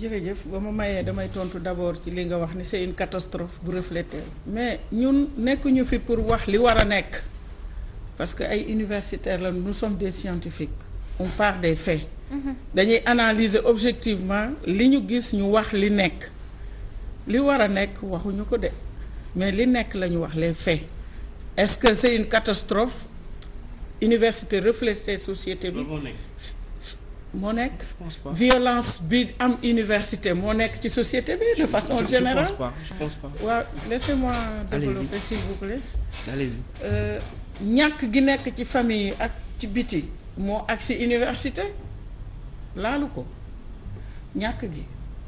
jërëjëf ba ma mayee damay tontu d'abord ci li nga wax ni c'est une catastrophe bu refléter mais ñun nekkuñu fi pour wax li war a nekk parce que ay universitaires la nous sommes des scientifiques on part des faits mhm. dañuy analyser objectivement li ñu gis ñu wax li nekk li war a nekk waxuñu ko de mais li nekk la ñu wax les faits est-ce que c'est une catastrophe université refléter société bi moo nekk violence bi am université moo nekk ci société bi de façon je, générale je pense pas je pense pas waaw laissez-moi développer s'il vous plaît euh, ñàkk gi nekk ci famille yi ak ci biti moo ak si université laalu ko ñàkk gi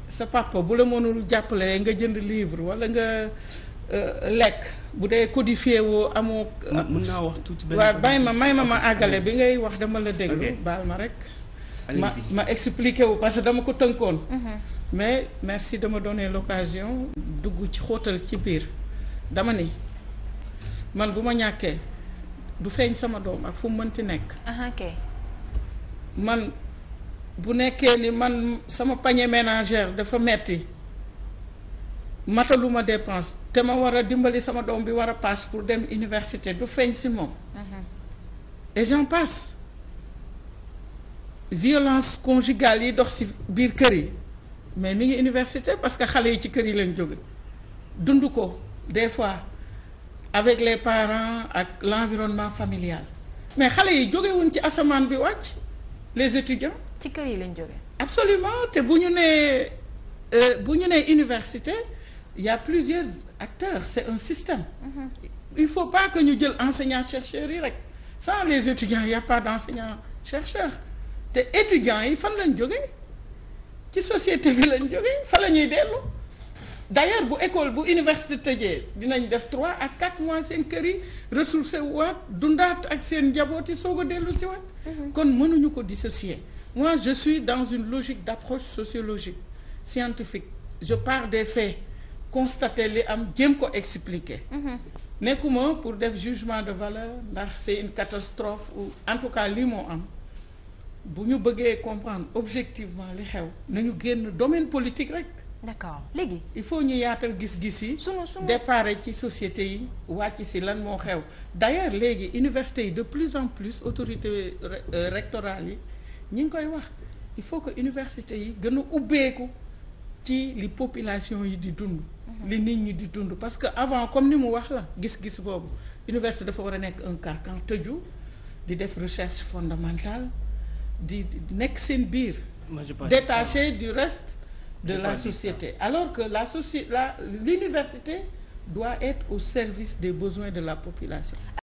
sa papa bu la mënul jàppalee nga jënd livre walla nga euh, lekk bu dee codifié woo amoo. mën naa wax tuuti benn waaw ma may ma ma àggale bi ngay wax dama la déglu baal ma rek. ma ma expliqué wu parce que dama ko tënkoon. Mhm. mais merci dama donner locasion dugg ci xóotal ci biir dama ni man bu ma ñàkkee du feeñ sama doom ak fu mu mënti nekk. man bu nekkee ni man sama panier ménagère dafa metti matalu ma dépense te ma war a dimbali sama doom bi war a paas pour dem université du feeñ si moom. Mhm. et j'en violence conjugale yi dox ci biir kër yi mais mi ngi université parce que xale yi ci kër yi lañ jóge dund ko des fois avec les parents ak l'environnement familial mais xale yi jóge wuñ ci asamaan bi wàcc les étudiants. ci kër yi lañ jóge. absolument te bu ñu nee euh, bu ñu nee université il y a plusieurs acteurs c'est un système. Mm-hmm. il faut pas que ñu jël enseignants chercheurs yi rek sans les étudiants il y a pas d'enseignants chercheurs. te étudiants yi fan lañ jógee ci société bi lañ jógee fa la ñuy dellu d'ailleurs bu école bu université tëjee dinañ def trois ak quatre mois seen kër yi ressourcé waat dundaat ak seen njabooti soog a dellu si waat mhm. kon mënuñu ko dissocier moi je suis dans une logique d'approche sociologique scientifique je par des faits constater li am jéem ko expliquer mhm. nekkuma pour def jugement de valeur ndax c'est une catastrophe ou en tout cas lii moo am bu ñu bëggee comprendre objectivement li xew nañu génn domaine politique rek. d'accord léegi. il faut ñu yaatal gis-gis yi. départ ci société yi wàcc si lan moo xew d'ailleurs léegi université yi de plus en plus autorité euh, rectorale yi ñu ngi koy wax il faut que université yi gën a ubbeeku ci li population yi di dund. Mhm. li nit ñi di dund parce que avant comme ni mu wax la gis-gis boobu université dafa war a nekk un carcan tëju di def recherche fondamentale. di nekk seen biir détaché du reste de la société alors que la société la l'université doit être au service des besoins de la population